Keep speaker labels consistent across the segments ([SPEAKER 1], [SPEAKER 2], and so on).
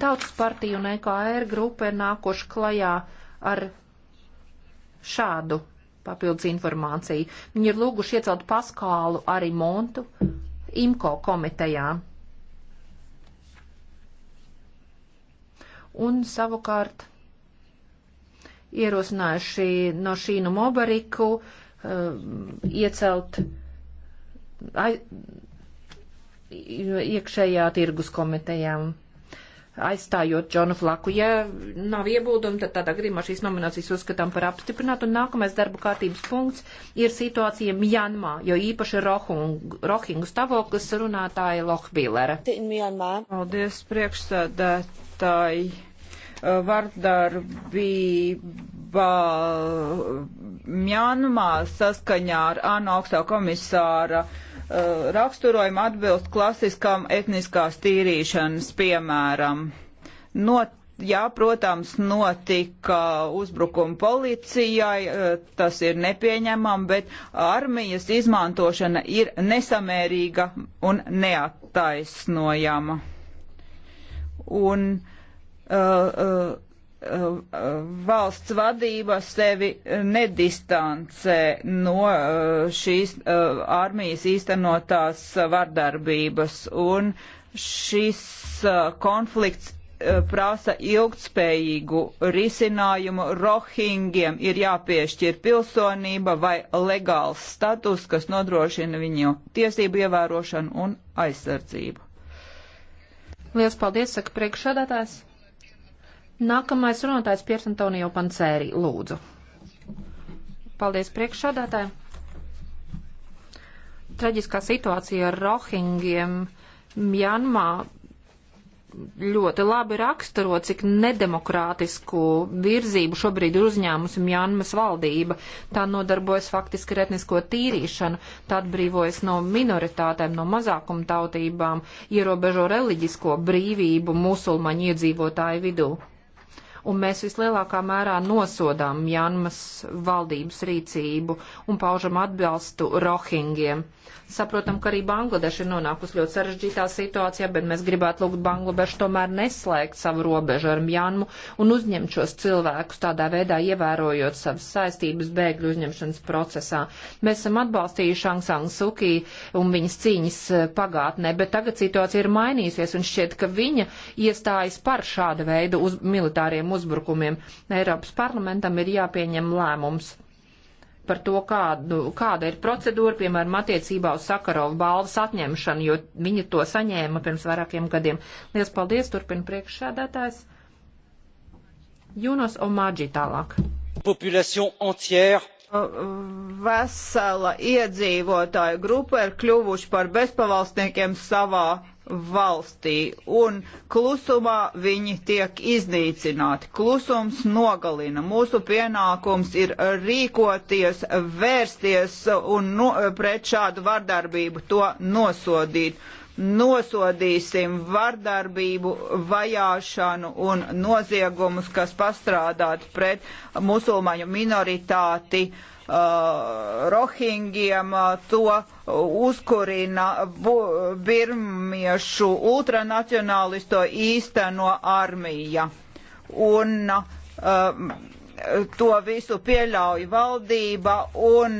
[SPEAKER 1] Tautas partija un EKR grupa ir nākoši klajā ar šādu papildus informāciju. Viņi ir lūguši iecelt Paskālu arī Montu IMKO komitejā. Un savukārt ierosinājuši no šīnu Mobariku uh, iecelt ai, iekšējā tirgus komitejām aizstājot Džonu Flaku. Ja nav iebildumi, tad tādā gadījumā šīs nominācijas uzskatām par apstiprinātu. Un nākamais darba kārtības punkts ir situācija Mjanmā, jo īpaši Rohung, Rohingu stāvoklis runātāja Lohbīlera. Paldies, priekšsēdētāji. Uh, vardarbība
[SPEAKER 2] uh, Mjanmā saskaņā ar ANO augstā komisāra Eh, raksturojumi atbilst klasiskam etniskās tīrīšanas piemēram. Not, jā, protams, notika uzbrukumi policijai, eh, tas ir nepieņemam, bet armijas izmantošana ir nesamērīga un neattaisnojama. Un, uh, uh, Uh, valsts vadība sevi nedistancē no uh, šīs uh, armijas īstenotās vardarbības, un šis konflikts prasa ilgtspējīgu risinājumu. Rohingiem ir jāpiešķir pilsonība vai legāls status, kas nodrošina viņu tiesību ievērošanu un aizsardzību.
[SPEAKER 1] Lielas paldies, saka priekšsādātājs. Nākamais runātājs Piers Antonio Pancēri, lūdzu. Paldies priekšsādātājiem. Traģiskā situācija ar rohingiem Mjanmā ļoti labi raksturo, cik nedemokrātisku virzību šobrīd ir uzņēmusi Mjanmas valdība. Tā nodarbojas faktiski ar etnisko tīrīšanu, tā atbrīvojas no minoritātēm, no mazākumtautībām, ierobežo reliģisko brīvību musulmaņu iedzīvotāju vidū un mēs vislielākā mērā nosodām Janmas valdības rīcību un paužam atbalstu rohingiem. Saprotam, ka arī Bangladeša ir nonākusi ļoti sarežģītā situācijā, bet mēs gribētu lūgt Bangladešu tomēr neslēgt savu robežu ar Mjanmu un uzņemt šos cilvēkus tādā veidā, ievērojot savas saistības bēgļu uzņemšanas procesā. Mēs esam atbalstījuši Angsang Suki un viņas cīņas eh, pagātnē, bet tagad situācija ir mainījusies un šķiet, ka viņa iestājas par šāda veida uz militāriem uzbrukumiem. Eiropas parlamentam ir jāpieņem lēmums par to, kādu, kāda ir procedūra, piemēram, attiecībā uz Sakarovu balvas atņemšanu, jo viņa to saņēma pirms vairākiem gadiem. Lielas paldies, turpina priekšsēdētājs. Junos Omaģi tālāk.
[SPEAKER 2] Population entière vesela iedzīvotāju grupa ir kļuvuši par bezpavalstniekiem savā valstī, un klusumā viņi tiek iznīcināti. Klusums nogalina. Mūsu pienākums ir rīkoties, vērsties un no, nu, pret šādu vardarbību to nosodīt nosodīsim vardarbību, vajāšanu un noziegumus, kas pastrādāt pret musulmaņu minoritāti uh, rohingiem. Uh, to uzkurina birmiešu ultranacionālisto īsteno armija. Un, uh, to visu pieļauj valdība un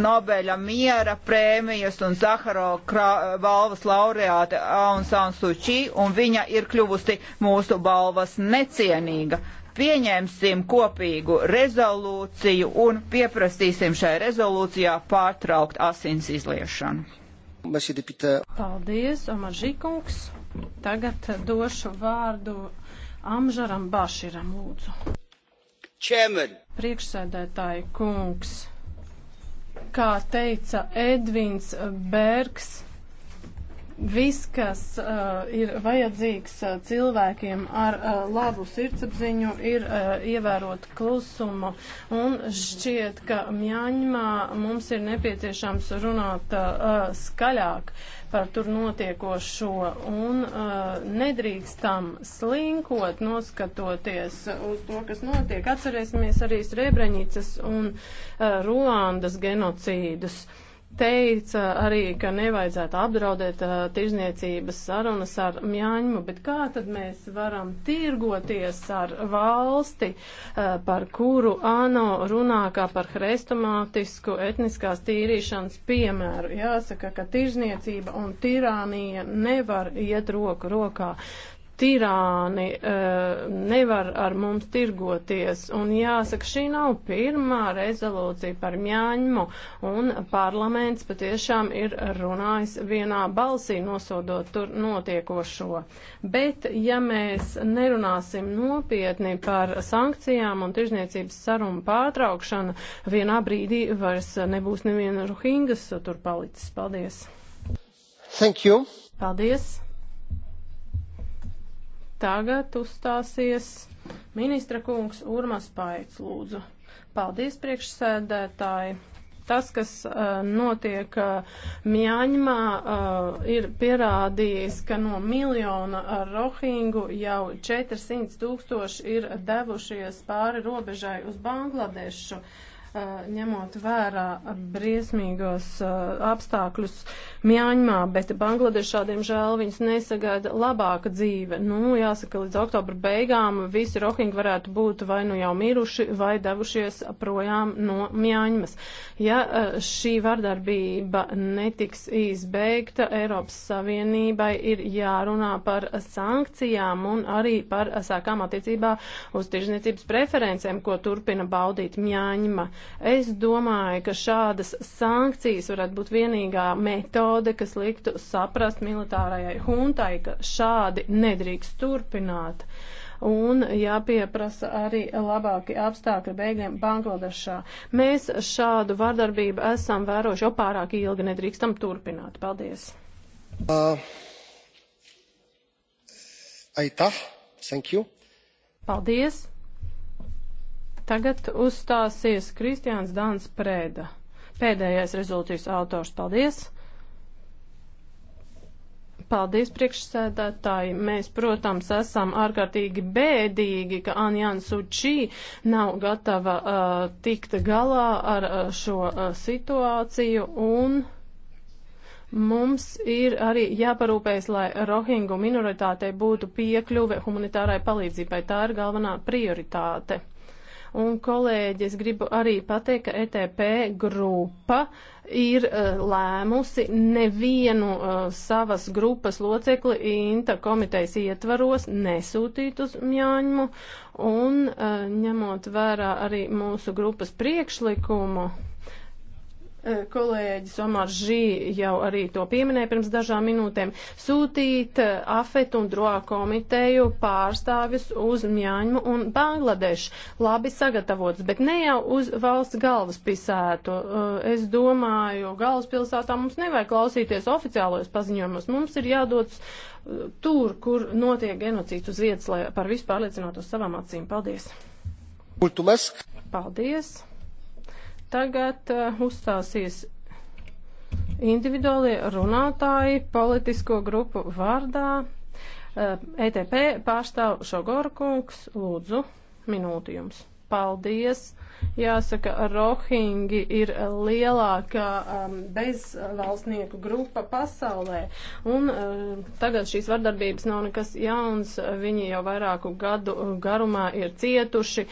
[SPEAKER 2] Nobeļa miera prēmijas un Zaharo balvas laureāte Aung San Suu Kyi, un viņa ir kļuvusi mūsu balvas necienīga. Pieņemsim kopīgu rezolūciju un pieprasīsim šai rezolūcijā pārtraukt asins izliešanu.
[SPEAKER 3] Paldies, Omažikungs. Tagad došu vārdu Amžaram Baširam, lūdzu. Chairman. Priekšsēdētāji kungs, kā teica Edvins Bergs, Viss, kas uh, ir vajadzīgs uh, cilvēkiem ar uh, labu sirdsapziņu, ir uh, ievērot klusumu. Un šķiet, ka Mjaņmā mums ir nepieciešams runāt uh, skaļāk par tur notiekošo un uh, nedrīkstam slinkot, noskatoties uz to, kas notiek. Atcerēsimies arī Srebrenicas un uh, Ruandas genocīdus. Uh, teica arī, ka nevajadzētu apdraudēt uh, tirzniecības sarunas ar Mjāņmu, bet kā tad mēs varam tirgoties ar valsti, uh, par kuru ANO runā kā par hrestomātisku etniskās tīrīšanas piemēru? Jāsaka, ka tirzniecība un tirānija nevar iet roku rokā tirāni uh, nevar ar mums tirgoties. Un jāsaka, šī nav pirmā rezolūcija par Mjāņmu, un parlaments patiešām ir runājis vienā balsī nosodot tur notiekošo. Bet, ja mēs nerunāsim nopietni par sankcijām un tirzniecības sarunu pārtraukšanu, vienā brīdī vairs nebūs neviena ruhingas tur palicis. Paldies! Thank you. Paldies! Tagad uzstāsies ministra kungs Urmas Paits, lūdzu. Paldies, priekšsēdētāji! Tas, kas uh, notiek uh, Mjaņmā, uh, ir pierādījis, ka no miljona rohingu jau 400 tūkstoši ir devušies pāri robežai uz Bangladešu, uh, ņemot vērā briesmīgos uh, apstākļus uh, Mjaņmā, bet Bangladešā, diemžēl, viņas nesagaida labāka dzīve. Nu, jāsaka, līdz oktobra beigām visi rohingi varētu būt vai nu jau miruši, vai devušies projām no Mjaņmas. Ja eh, šī vardarbība netiks izbeigta, Eiropas Savienībai ir jārunā par sankcijām un arī par sākām attiecībā uz tirzniecības preferencēm, ko turpina baudīt Mjaņma. Es domāju, ka šādas sankcijas varētu būt vienīgā metoda, metode, kas liktu saprast militārajai huntai, ka šādi nedrīkst turpināt. Un jāpieprasa arī labāki apstākļi bēgļiem Bangladešā. Mēs šādu vardarbību esam vērojuši jau pārāk ilgi, nedrīkstam turpināt. Paldies! Uh, aitā, thank you! Paldies! Tagad uzstāsies Kristiāns Dāns Prēda, pēdējais rezultīs autors. Paldies! Paldies, priekšsēdētāji. Mēs, protams, esam ārkārtīgi bēdīgi, ka Anjāna Sučī nav gatava uh, tikt galā ar uh, šo uh, situāciju un mums ir arī jāparūpējas, lai rohingu minoritātei būtu piekļuve humanitārai palīdzībai. Tā ir galvenā prioritāte. Un, kolēģi, es gribu arī pateikt, ka ETP grupa ir uh, lēmusi nevienu uh, savas grupas locekli INTA komitejas ietvaros nesūtīt uz Mjāņmu un uh, ņemot vērā arī mūsu grupas priekšlikumu. Kolēģis Omar Žī jau arī to pieminēja pirms dažām minūtēm. Sūtīt AFET un DROA komiteju pārstāvis uz Mjāņmu un Bangladešu. Labi sagatavots, bet ne jau uz valsts galvaspilsētu. Es domāju, galvaspilsētā mums nevajag klausīties oficiālajos paziņojumos. Mums ir jādodas tur, kur notiek genocīds uz vietas, lai par visu pārliecinātos savām acīm. Paldies! Kultumesk. Paldies! Tagad uh, uzstāsies individuālie runātāji politisko grupu vārdā. Uh, eh, ETP pārstāv Šogorkungs, lūdzu, minūti jums paldies. Jāsaka, rohingi ir lielākā um, bezvalstnieku grupa pasaulē. Un um, tagad šīs vardarbības nav nekas jauns. Viņi jau vairāku gadu garumā ir cietuši,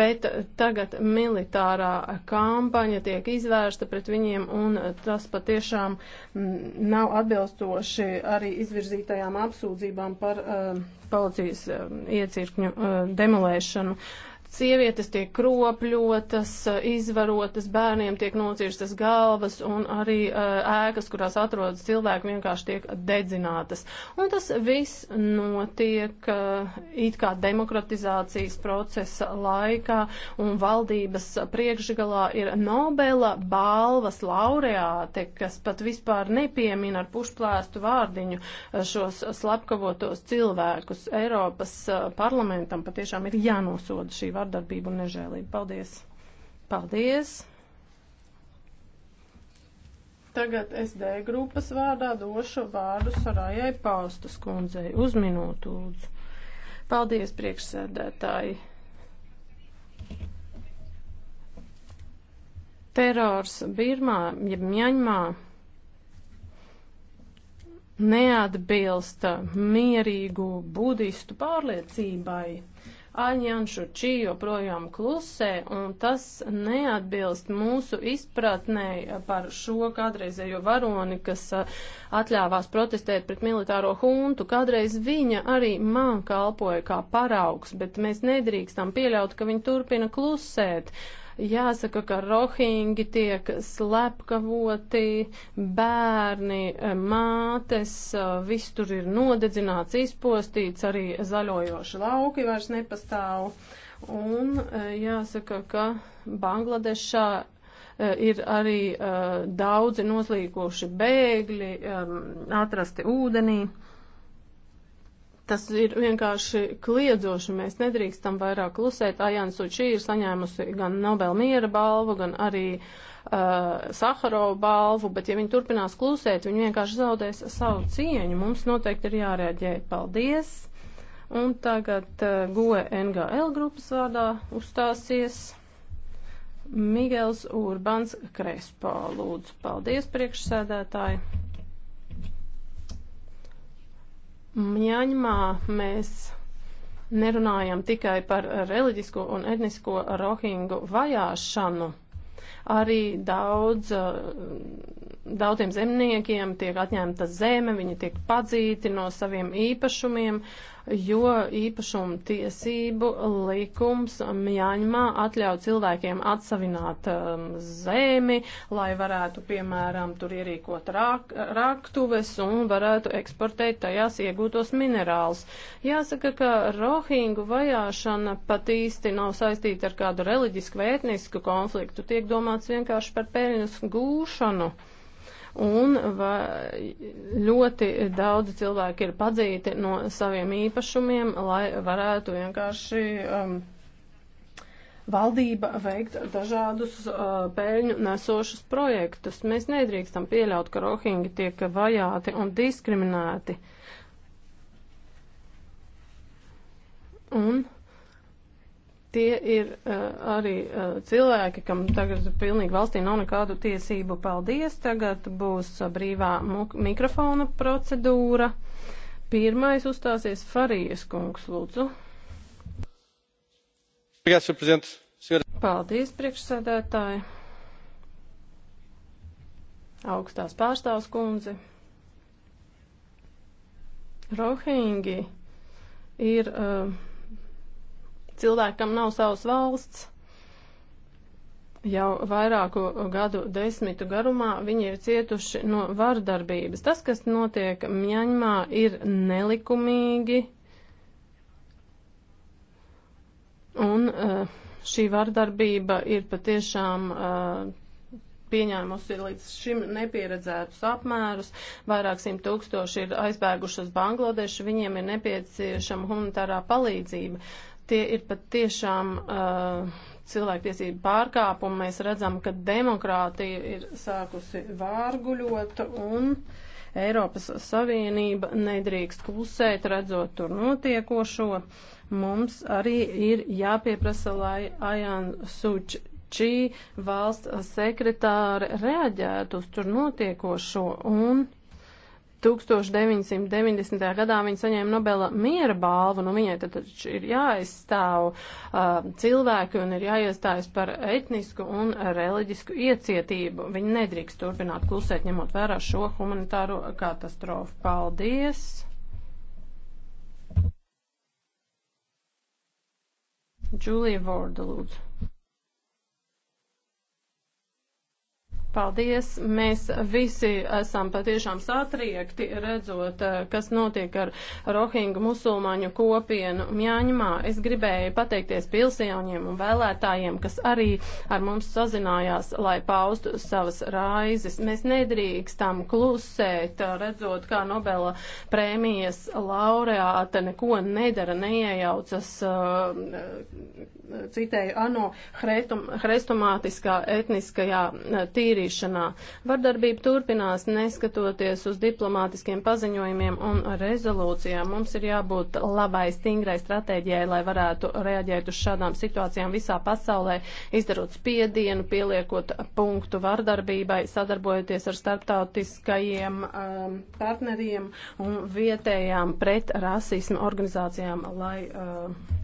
[SPEAKER 3] bet tagad militārā kampaņa tiek izvērsta pret viņiem un tas patiešām mm, nav atbilstoši arī izvirzītajām apsūdzībām par um, policijas um, iecirkņu um, demolēšanu. Uh, Sievietes tiek kropļotas, izvarotas, bērniem tiek nocirstas galvas un arī uh, ēkas, kurās atrodas cilvēki, vienkārši tiek dedzinātas. Un tas viss notiek uh, it kā demokratizācijas procesa laikā un valdības priekšgalā ir Nobela balvas laureāte, kas pat vispār nepiemina ar pušplēstu vārdiņu eh, šos slepkavotos cilvēkus. Eiropas uh, parlamentam patiešām ir jānosoda šī vārda vardarbību un nežēlību. Paldies! Paldies! Tagad SD grupas vārdā došu vārdu Sarajai Paustas kundzei uz minūtu lūdzu. Paldies, priekšsēdētāji! terors Birmā, jeb Mjaņmā, neatbilsta mierīgu budistu pārliecībai. Aņanšu Čī joprojām klusē, un tas neatbilst mūsu izpratnē par šo kādreizējo varoni, kas atļāvās protestēt pret militāro huntu. Kādreiz viņa arī man kalpoja kā paraugs, bet mēs nedrīkstam pieļaut, ka viņa turpina klusēt. Uh, Jāsaka, ka rohingi tiek slepkavoti, bērni, eh, mātes, eh, viss tur ir nodedzināts, izpostīts, arī zaļojoši lauki vairs nepastāv. Un eh, jāsaka, ka Bangladešā ir arī daudzi noslīkuši bēgļi, atrasti ūdenī. Tas ir vienkārši kliedzoši. Mēs nedrīkstam vairāk klusēt. Ajāns Sučī ir saņēmusi gan Nobel miera balvu, gan arī uh, Saharovu balvu, bet ja viņi turpinās klusēt, viņi vienkārši zaudēs savu cieņu. Mums noteikti ir jārēģē. Paldies! Un tagad uh, GOE NGL grupas vārdā uzstāsies Migels Urbans Krespo. Lūdzu, paldies priekšsēdētāji! Mjaņmā mēs nerunājam tikai par reliģisko un etnisko rohingu vajāšanu. Arī daudz uh, Daudziem zemniekiem tiek atņemta zeme, viņi tiek padzīti no saviem īpašumiem, jo īpašuma tiesību likums Mjaņmā atļauj cilvēkiem atsavināt um, zemi, lai varētu, piemēram, tur ierīkot rak raktuves un varētu eksportēt tajās iegūtos minerālus. Jāsaka, ka rohingu vajāšana pat īsti nav saistīta ar kādu reliģisku vai etnisku konfliktu, tiek domāts vienkārši par peļņas gūšanu un va, ļoti daudzi cilvēki ir padzīti no saviem īpašumiem, lai varētu vienkārši. Um, valdība veikt dažādus uh, pēļņu nesošus projektus. Mēs nedrīkstam pieļaut, ka rohingi tiek vajāti un diskriminēti. Un Tie ir uh, arī uh, cilvēki, kam tagad pilnīgi valstī nav nekādu tiesību. Paldies! Tagad būs uh, brīvā mikrofona procedūra. Pirmais uzstāsies Farijas kungs, lūdzu. Paldies, priekšsēdētāji! augstās pārstāvs kundze. Rohingi ir uh, cilvēkam nav savas valsts. Jau vairāku gadu desmitu garumā viņi ir cietuši no vardarbības. Tas, kas notiek Mjaņmā, ir nelikumīgi. Un uh, šī vardarbība ir patiešām uh, pieņēmusi līdz šim nepieredzētus apmērus. Vairāk simt tūkstoši ir aizbēguši uz Bangladešu, viņiem ir nepieciešama humanitārā palīdzība. Tie ir pat tiešām uh, cilvēktiesību pārkāpumi. Mēs redzam, ka demokrātija ir sākusi vārguļot un Eiropas Savienība nedrīkst klusēt, redzot tur notiekošo. Mums arī ir jāpieprasa, lai Ajan Suč šī valsts sekretāre reaģētu uz tur notiekošo un 1990. gadā viņa saņēma Nobela miera balvu, nu viņai tad ir jāaizstāv uh, cilvēki un ir jāiestājas par etnisku un reliģisku iecietību. Viņa nedrīkst turpināt klusēt, ņemot vērā šo humanitāro katastrofu. Paldies! Julia Vorda, lūdzu. Paldies! Mēs visi esam patiešām satriekti redzot, eh, kas notiek ar Rohingu musulmaņu kopienu Mjāņumā. Es gribēju pateikties pilsēņiem un vēlētājiem, kas arī ar mums sazinājās, lai paustu savas raizes. Mēs nedrīkstam klusēt, eh, redzot, kā Nobela prēmijas laureāte neko nedara, neiejaucas. Uh, citēju ANO hretum, hrestomātiskā etniskajā e, tīrīšanā. Vardarbība turpinās neskatoties uz diplomātiskiem paziņojumiem un rezolūcijām. Mums ir jābūt labai stingrai stratēģijai, lai varētu reaģēt uz šādām situācijām visā pasaulē, izdarot spiedienu, pieliekot punktu vardarbībai, sadarbojoties ar starptautiskajiem um, partneriem un vietējām pret rasismu organizācijām, lai uh,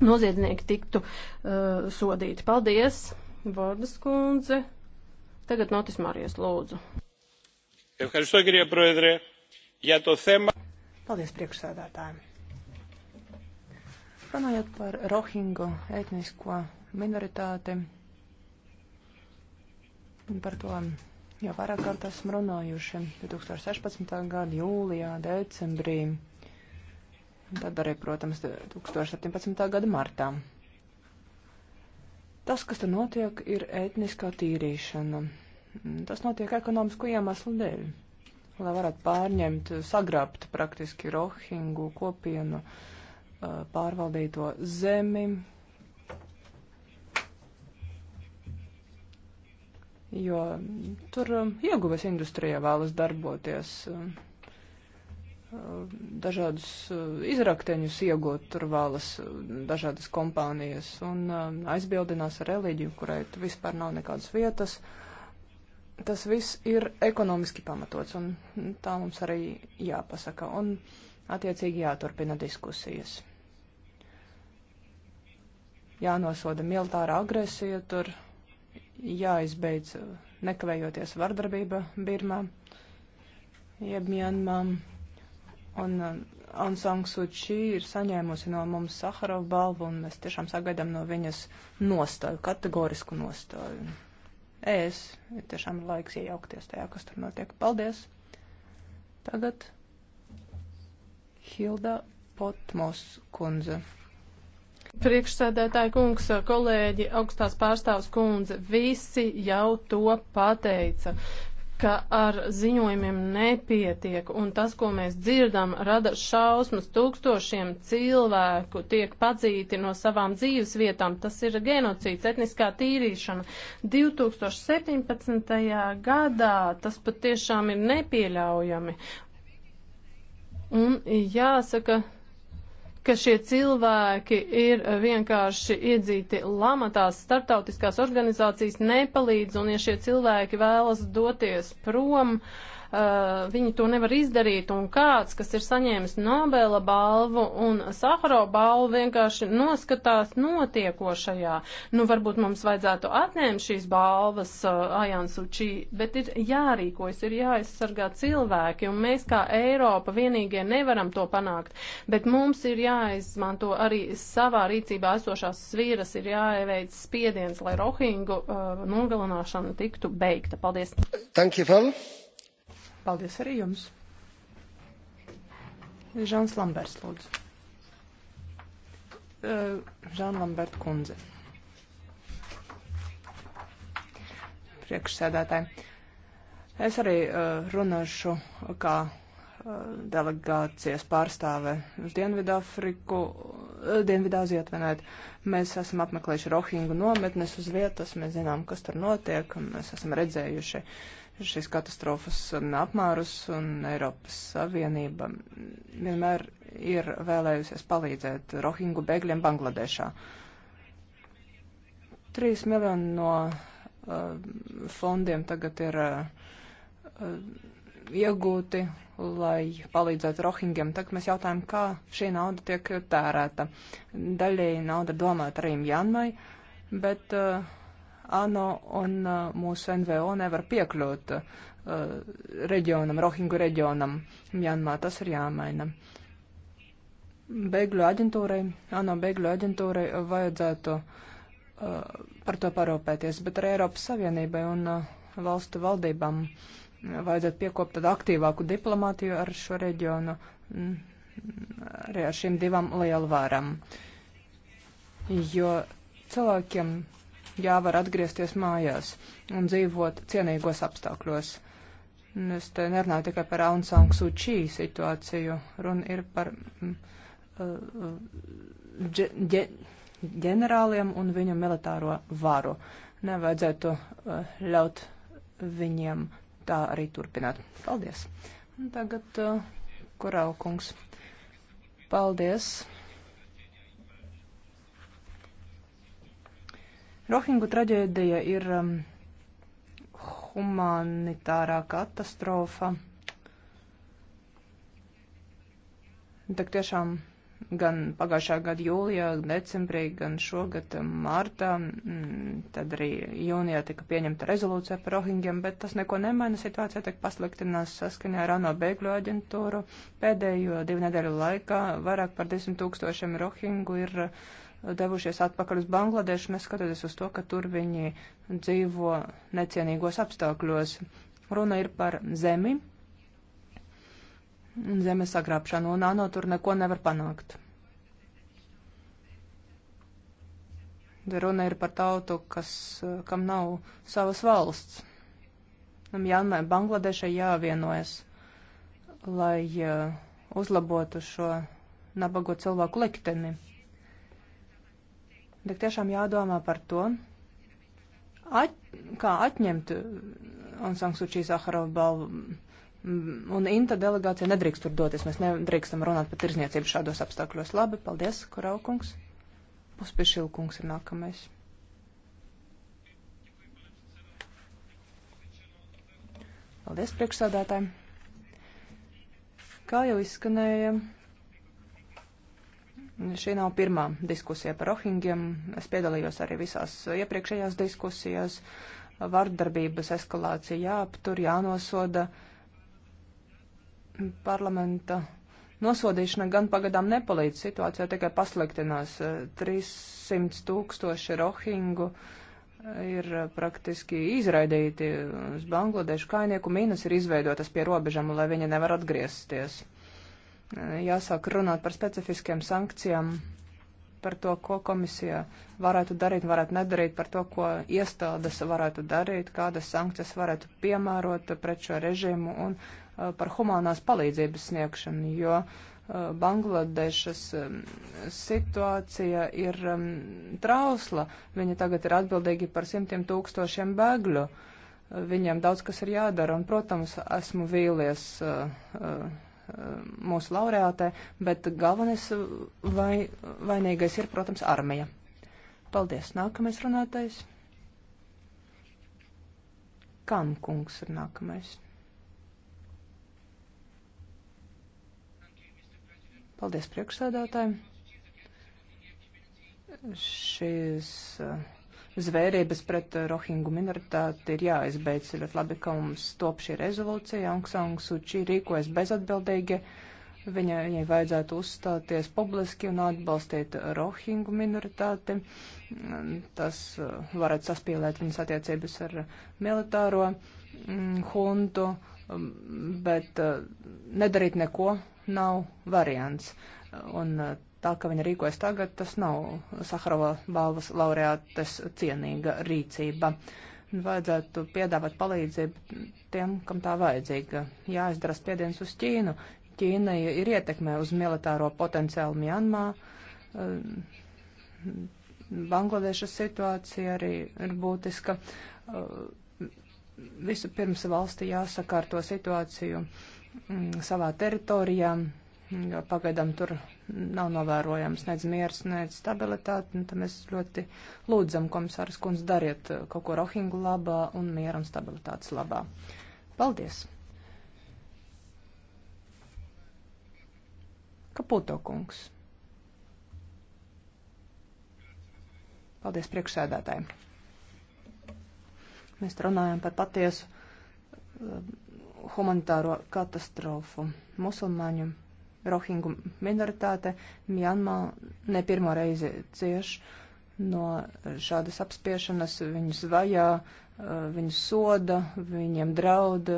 [SPEAKER 3] noziedznieki tiktu uh, sodīti. Paldies, Vordas kundze. Tagad notis Marijas lūdzu. Paldies priekšsēdētājiem.
[SPEAKER 4] Runājot par rohingu etnisko minoritāti, par to jau vairāk kārt esam runājuši 2016. gada jūlijā, decembrī Un tad arī, protams, 2017. gada martā. Tas, kas tur notiek, ir etniskā tīrīšana. Tas notiek ekonomisku iemeslu dēļ, lai varētu pārņemt, sagrābt praktiski rohingu kopienu pārvaldīto zemi. Jo tur ieguves industrija vēlas darboties. Uh, dažādus eh, izrakteņus iegūt ar valas eh, dažādas kompānijas un eh, aizbildinās ar reliģiju, kurai vispār nav nekādas vietas. Tas viss ir ekonomiski pamatots un tā mums arī jāpasaka un attiecīgi jāturpina diskusijas. Jānosoda militāra agresija tur, jāizbeidz nekavējoties vardarbība Birmā, jeb Mjanmām. Ja Un uh, Aung San Suu Kyi ir saņēmusi no mums Saharov balvu, un mēs tiešām sagaidām no viņas nostāju, kategorisku nostāju. Es tiešām ir laiks iejaukties tajā, kas tur notiek. Paldies! Tagad Hilda Potmos kundze.
[SPEAKER 3] Priekšsēdētāji kungs, kolēģi, augstās pārstāvs kundze, visi jau to pateica ka ar ziņojumiem nepietiek, un tas, ko mēs dzirdam, rada šausmas. Tūkstošiem cilvēku tiek padzīti no savām dzīves vietām. Tas ir genocīds, etniskā tīrīšana. 2017. gadā tas patiešām ir nepieļaujami. Un jāsaka, ka šie cilvēki ir eh, vienkārši iedzīti lamatās starptautiskās organizācijas nepalīdz, un ja šie cilvēki vēlas doties prom, uh, uh, viņi to nevar izdarīt, un kāds, kas ir saņēmis Nobela balvu un Sahara balvu, vienkārši noskatās notiekošajā. Nu, varbūt mums vajadzētu atņemt šīs balvas uh, Ajansučī, bet ir jārīkojas, ir jāaizsargā cilvēki, un mēs kā Eiropa vienīgie nevaram to panākt, bet mums ir jāizmanto arī savā rīcībā esošās svīras, ir jāveic spiediens, lai Rohingu uh, nogalināšana tiktu beigta. Paldies! Thank you, Val. Paldies arī jums. Žāns Lamberts,
[SPEAKER 4] lūdzu. Uh, Žāna Lamberta kundze. Priekšsēdētāji. Es arī uh, runāšu kā uh, delegācijas pārstāve uz Dienvidāfriku, uh, Dienvidāziju atvienojot. Mēs esam apmeklējuši Rohingu nometnes uz vietas, mēs zinām, kas tur notiek, mēs esam redzējuši šīs katastrofas un apmērus, un Eiropas Savienība vienmēr ir vēlējusies palīdzēt rohingu bēgļiem Bangladešā. Trīs miljoni no uh, fondiem tagad ir uh, iegūti, lai palīdzētu rohingiem. Tagad mēs jautājam, kā šī nauda tiek tērēta. Daļēji nauda domāta arī Mjanmai, bet uh, ANO un uh, mūsu NVO nevar piekļūt uh, reģionam, Rohingu reģionam Mjanmā. Tas ir jāmaina. Bēgļu aģentūrai, ANO bēgļu aģentūrai vajadzētu uh, par to parūpēties, bet arī Eiropas Savienībai un valstu valdībām vajadzētu piekopt tādu aktīvāku diplomātiju ar šo reģionu, mm, arī ar šīm divām lielvārām. Jo cilvēkiem jāvar atgriezties mājās un dzīvot cienīgos apstākļos. Es te nerunāju tikai par Aung San Suu Kyi situāciju, runa ir par mm, uh, dže, dje, ģenerāliem un viņu militāro varu. Nevajadzētu uh, ļaut viņiem tā arī turpināt. Paldies! Un tagad uh, Kurau kungs. Paldies! Rohingu traģēdija ir um, humanitārā katastrofa. Tak tiešām gan pagājušā gada jūlijā, decembrī, gan šogad um, martā, mm, tad arī jūnijā tika pieņemta rezolūcija par rohingiem, bet tas neko nemaina. Situācija tiek pasliktinās saskaņā ar ANO bēgļu aģentūru. Pēdējo divu nedēļu laikā vairāk par desmit tūkstošiem rohingu ir uh, devušies atpakaļ uz Bangladešu, mēs skatoties uz to, ka tur viņi dzīvo necienīgos apstākļos. Runa ir par zemi, zemes sagrābšanu, un ANO tur neko nevar panākt. Runa ir par tautu, kas, kam nav savas valsts. Jānai Bangladešai jāvienojas, lai eh, uzlabotu šo nabago cilvēku likteni. Tik tiešām jādomā par to, at, kā atņemt Ansansučī Zaharova balvu. Un Inta delegācija nedrīkst tur doties. Mēs nedrīkstam runāt par tirzniecību šādos apstākļos. Labi, paldies, Koraukungs. Puspiešilkungs ir nākamais. Paldies, priekšsādātāji. Kā jau izskanēja. Šī nav pirmā diskusija par rohingiem. Es piedalījos arī visās iepriekšējās diskusijās. Vardarbības eskalācija jāaptur, jānosoda. Parlamenta nosodīšana gan pagadām nepalīdz. Situācija tikai pasliktinās. 300 tūkstoši rohingu ir praktiski izraidīti uz Bangladešu kainieku. Mīnas ir izveidotas pie robežām, lai viņi nevar atgriezties jāsāk runāt par specifiskiem sankcijām, par to, ko komisija varētu darīt, varētu nedarīt, par to, ko iestādes varētu darīt, kādas sankcijas varētu piemērot pret šo režīmu un uh, par humanās palīdzības sniegšanu, jo uh, Bangladešas um, situācija ir um, trausla. Viņi tagad ir atbildīgi par simtiem tūkstošiem bēgļu. Viņiem daudz kas ir jādara, un, protams, esmu vīlies uh, uh, Eh, mūsu laureātē, bet galvenais eh, vai, vainīgais ir, protams, armija. Paldies. Nākamais runātais. Kam kungs ir nākamais? Paldies priekšsēdētājiem. Šis uh, zvērības pret eh, rohingu minoritāti ir jāizbeidz. Ļoti labi, ka mums top šī rezolūcija. Aung Suči rīkojas bezatbildīgi. Viņa, viņai vajadzētu uzstāties publiski un atbalstīt rohingu minoritāti. Mm, tas eh, varētu saspīlēt viņas attiecības ar eh, militāro mm, huntu, mm, bet nedarīt neko nav variants. Un tā, ka viņa rīkojas tagad, tas nav Saharova balvas laureātes cienīga rīcība. Vajadzētu piedāvāt palīdzību tiem, kam tā vajadzīga. Jāizdara spiediens uz Ķīnu. Ķīna ir ietekmē uz militāro potenciālu Mjanmā. Ehm, Bangladešas situācija arī ir būtiska. Ehm, visu pirms valsti jāsakārto situāciju mm, savā teritorijā jo pagaidām tur nav novērojams nec miers, nec stabilitāte. Tad mēs ļoti lūdzam komisāras kundz dariet eh, kaut ko rohingu labā un miera un stabilitātes labā. Paldies! Kaputo kungs. Paldies priekšsēdētājiem. Mēs runājam par patiesu eh, humanitāro katastrofu musulmaņu Rohingu minoritāte Mjanmā ne pirmo reizi cieš no šādas apspiešanas. Viņus vajā, viņus soda, viņiem draud,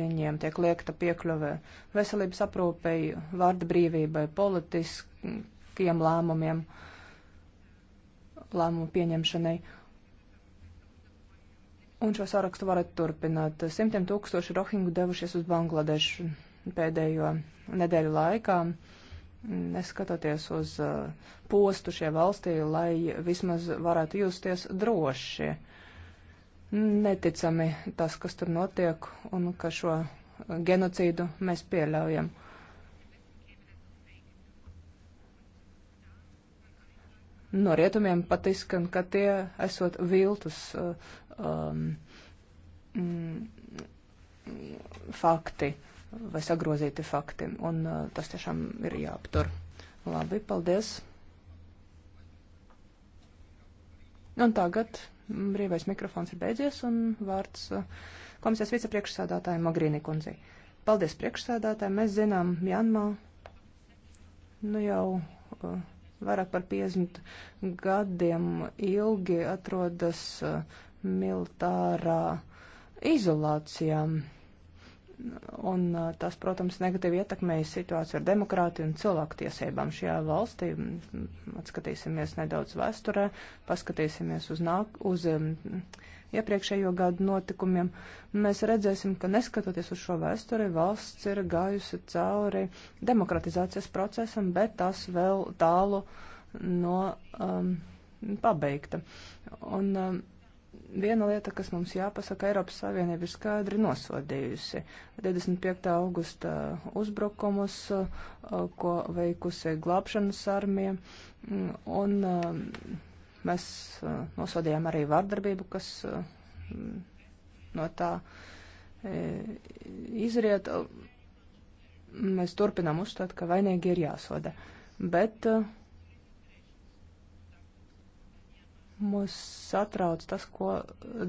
[SPEAKER 4] viņiem tiek liekta piekļuve veselības aprūpei, vārda brīvībai, politiskiem lēmumiem, lēmumu pieņemšanai. Un šo sarakstu varat turpināt. Simtiem tūkstoši rohingu devušies uz Bangladešu pēdējo nedēļu laikā, neskatoties uz uh, postu šie valstī, lai vismaz varētu justies droši. Neticami tas, kas tur notiek un ka šo genocīdu mēs pieļaujam. no rietumiem pat izskan, ka tie esot viltus uh, um, um, fakti vai sagrozīti fakti, un uh, tas tiešām ir jāaptur. Labi, paldies. Un tagad brīvais mikrofons ir beidzies, un vārds uh, komisijas vicepriekšsēdātājai Magrīni kundzei. Paldies priekšsēdātājai, mēs zinām Janmā, nu jau. Uh, vairāk par 50 gadiem ilgi atrodas uh, militārā izolācijā un uh, tas, protams, negatīvi ietekmēja situāciju ar demokrātiju un cilvēktiesībām šajā valstī. Mm, atskatīsimies nedaudz vēsturē, paskatīsimies uz, nāk, uz um, iepriekšējo gadu notikumiem. Mēs redzēsim, ka neskatoties uz šo vēsturi, valsts ir gājusi cauri demokratizācijas procesam, bet tas vēl tālu no um, pabeigta. Un, um, Viena lieta, kas mums jāpasaka, Eiropas Savienība ir skaidri nosodījusi 25. augusta uzbrukumus, eh, ko veikusi glābšanas armija, mm, un eh, mēs eh, nosodījām arī vārdarbību, kas mm, no tā izriet. Mēs turpinām uzstāt, ka vainīgi ir jāsoda, bet uh, Mūs satrauc tas, ko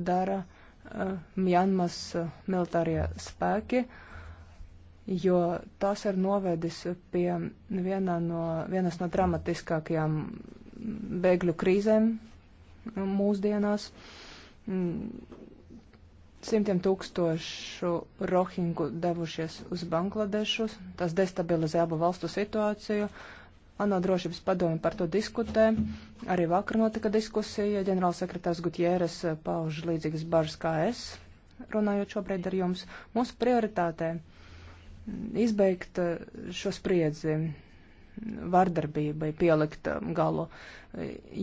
[SPEAKER 4] dara uh, Mjanmas eh, militārie spēki, jo tas ir novedis pie vienā no, vienas no dramatiskākajām bēgļu krīzēm mm, mūsdienās. Mm, simtiem tūkstošu rohingu devušies uz Bangladešus, tas destabilizē abu valstu situāciju. Uh, ANO drošības padomi par to diskutē. Arī vakar notika diskusija. Ģenerālsekretārs Gutjēres eh, pauž līdzīgas bažas kā es, runājot šobrīd ar jums. Mūsu prioritātē mm, izbeigt eh, šo spriedzi, mm, vardarbībai pielikt eh, galu.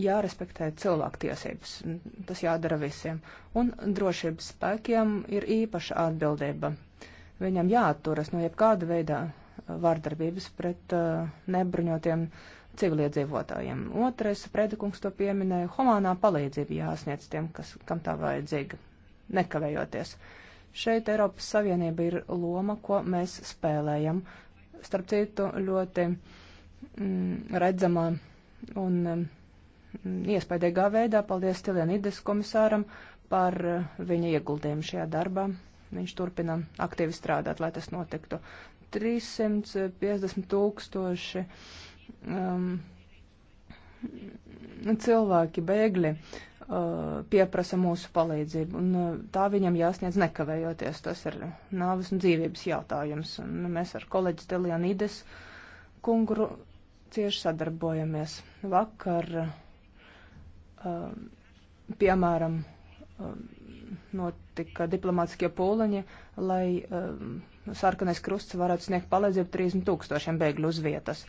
[SPEAKER 4] Jārespektē cilvēktiesības, mm, tas jādara visiem. Un drošības spēkiem ir īpaša atbildība. Viņam jāatturas no jebkāda veidā vārdarbības pret uh, nebruņotiem civiliedzīvotājiem. Otrais, predikungs to pieminēja, humānā palīdzība jāsniedz tiem, kas, kam tā vajadzīga, nekavējoties. Šeit Eiropas Savienība ir loma, ko mēs spēlējam. Starp citu, ļoti mm, redzamā un mm, iespaidīgā veidā paldies Stilianides komisāram par uh, viņa ieguldījumu šajā darbā. Viņš turpina aktīvi strādāt, lai tas notiktu. 350 tūkstoši um, cilvēki, bēgļi, uh, pieprasa mūsu palīdzību. Un, uh, tā viņam jāsniedz nekavējoties. Tas ir nāves un dzīvības jautājums. Un mēs ar kolēģi Stelianides kungru cieši sadarbojamies. Vakar, uh, piemēram, uh, notika diplomātskie pūliņi, lai. Uh, sarkanais krusts varētu sniegt palīdzību 30 tūkstošiem bēgļu uz vietas.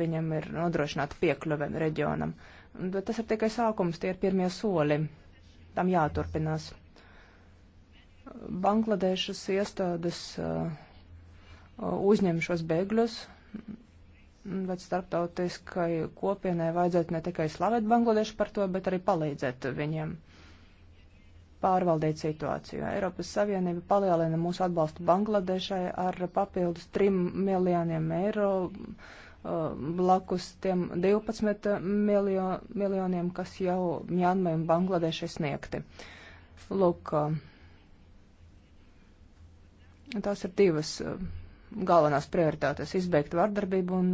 [SPEAKER 4] Viņam ir nodrošināta piekļuve reģionam. Bet tas ir tikai sākums, tie ir pirmie soļi. Tam jāturpinās. Bangladešas iestādes uh, uzņem šos bēgļus, bet starptautiskai kopienai vajadzētu ne tikai slavēt Bangladešu par to, bet arī palīdzēt viņiem pārvaldīt situāciju. Eiropas Savienība palielina mūsu atbalstu Bangladešai ar papildus 3 miljoniem eiro uh, blakus tiem 12 miljo, miljoniem, kas jau Mjanmai un Bangladešai sniegti. Lūk, uh, tās ir divas uh, galvenās prioritātes - izbeigt vardarbību un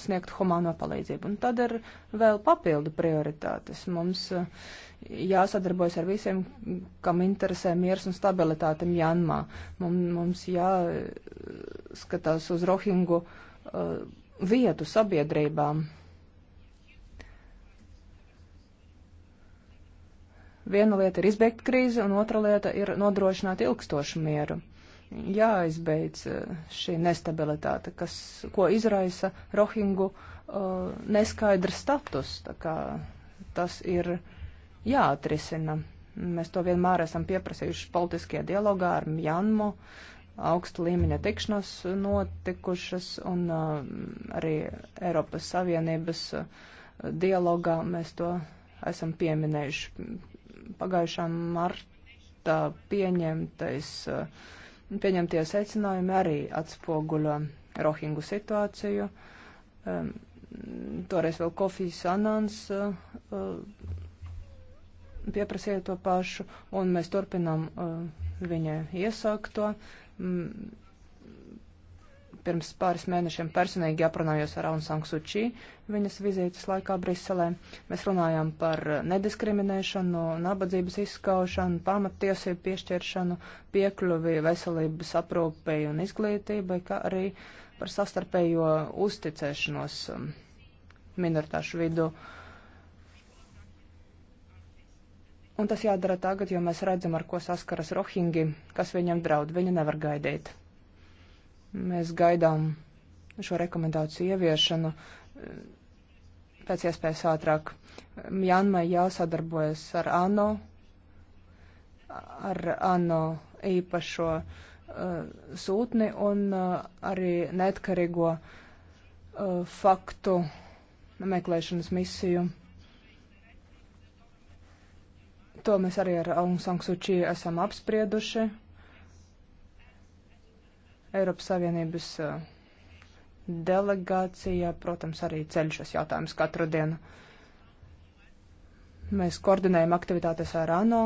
[SPEAKER 4] sniegt humāno palīdzību. Un tad ir vēl papildu prioritātes. Mums eh, jāsadarbojas ar visiem, kam interesē miers un stabilitāte Mjanmā. Mums jāskatās uz rohingu eh, vietu sabiedrībām. Viena lieta ir izbeigt krīzi, un otra lieta ir nodrošināt ilgstošu mieru jāizbeidz eh, šī nestabilitāte, kas, ko izraisa Rohingu uh, eh, neskaidrs status. Tas ir jāatrisina. Mēs to vienmēr esam pieprasījuši politiskajā dialogā ar Mjanmu, augsta līmeņa tikšanos notikušas un uh, arī Eiropas Savienības dialogā mēs to esam pieminējuši. Pagājušā martā pieņemtais uh, Pieņemtie secinājumi arī atspoguļo rohingu situāciju. Um, toreiz vēl Kofijas Anans uh, eh, eh, pieprasīja to pašu, un mēs turpinām uh, viņa iesākto. Um, pirms pāris mēnešiem personīgi aprunājos ar Aung San Suu Kyi viņas vizītes laikā Briselē. Mēs runājām par nediskriminēšanu, nabadzības izskaušanu, pamattiesību piešķiršanu, piekļuvi veselības aprūpei un izglītībai, kā arī par sastarpējo uzticēšanos um, minoritāšu vidu. Un tas jādara tagad, jo mēs redzam, ar ko saskaras rohingi, kas viņam draud. Viņi nevar gaidīt. Mēs gaidām šo rekomendāciju ieviešanu eh, pēc iespējas ātrāk. Janmai jāsadarbojas ar ANO, ar ANO īpašo uh, sūtni un uh, arī neatkarīgo uh, faktu meklēšanas misiju. To mēs arī ar Aung San Suu Kyi esam apsprieduši. Eiropas Savienības eh, delegācija, protams, arī ceļ šos jautājumus katru dienu. Mēs koordinējam aktivitātes ar ANO.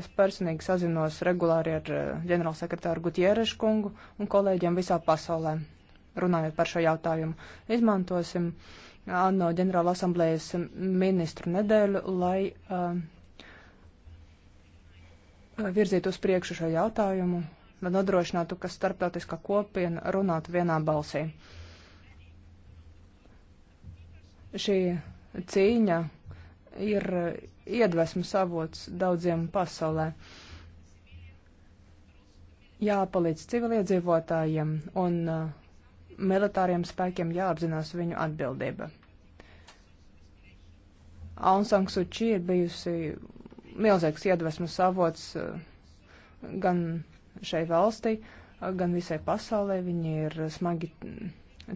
[SPEAKER 4] Es personīgi sazinos regulāri ar eh, ģenerālsekretāru Gutierešu kungu un kolēģiem visā pasaulē, runājot par šo jautājumu. Izmantosim ANO ģenerāla asamblējas ministru nedēļu, lai uh, virzītu uz priekšu šo jautājumu lai nodrošinātu, ka starptautiskā kopiena runātu vienā balsī. Šī cīņa ir iedvesmas avots daudziem pasaulē. Jāpalīdz civiliedzīvotājiem un uh, militāriem spēkiem jāapzinās viņu atbildība. Aung San Suu Kyi ir bijusi milzīgs iedvesmas avots uh, gan šai valstī, gan visai pasaulē. Viņi ir smagi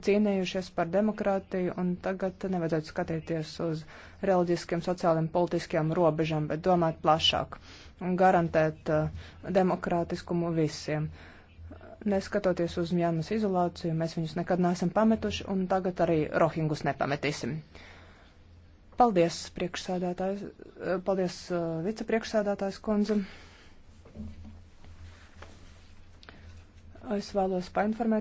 [SPEAKER 4] cīnījušies par demokrātiju, un tagad nevajadzētu skatīties uz reliģiskiem, sociāliem, politiskiem robežām, bet domāt plašāk un garantēt uh, demokrātiskumu visiem. Neskatoties uz Mjānas izolāciju, mēs viņus nekad neesam pametuši, un tagad arī rohingus nepametīsim. Paldies, priekšsēdētājs, paldies, uh, vicepriekšsēdētājs kundze. Es vēlos painformēt.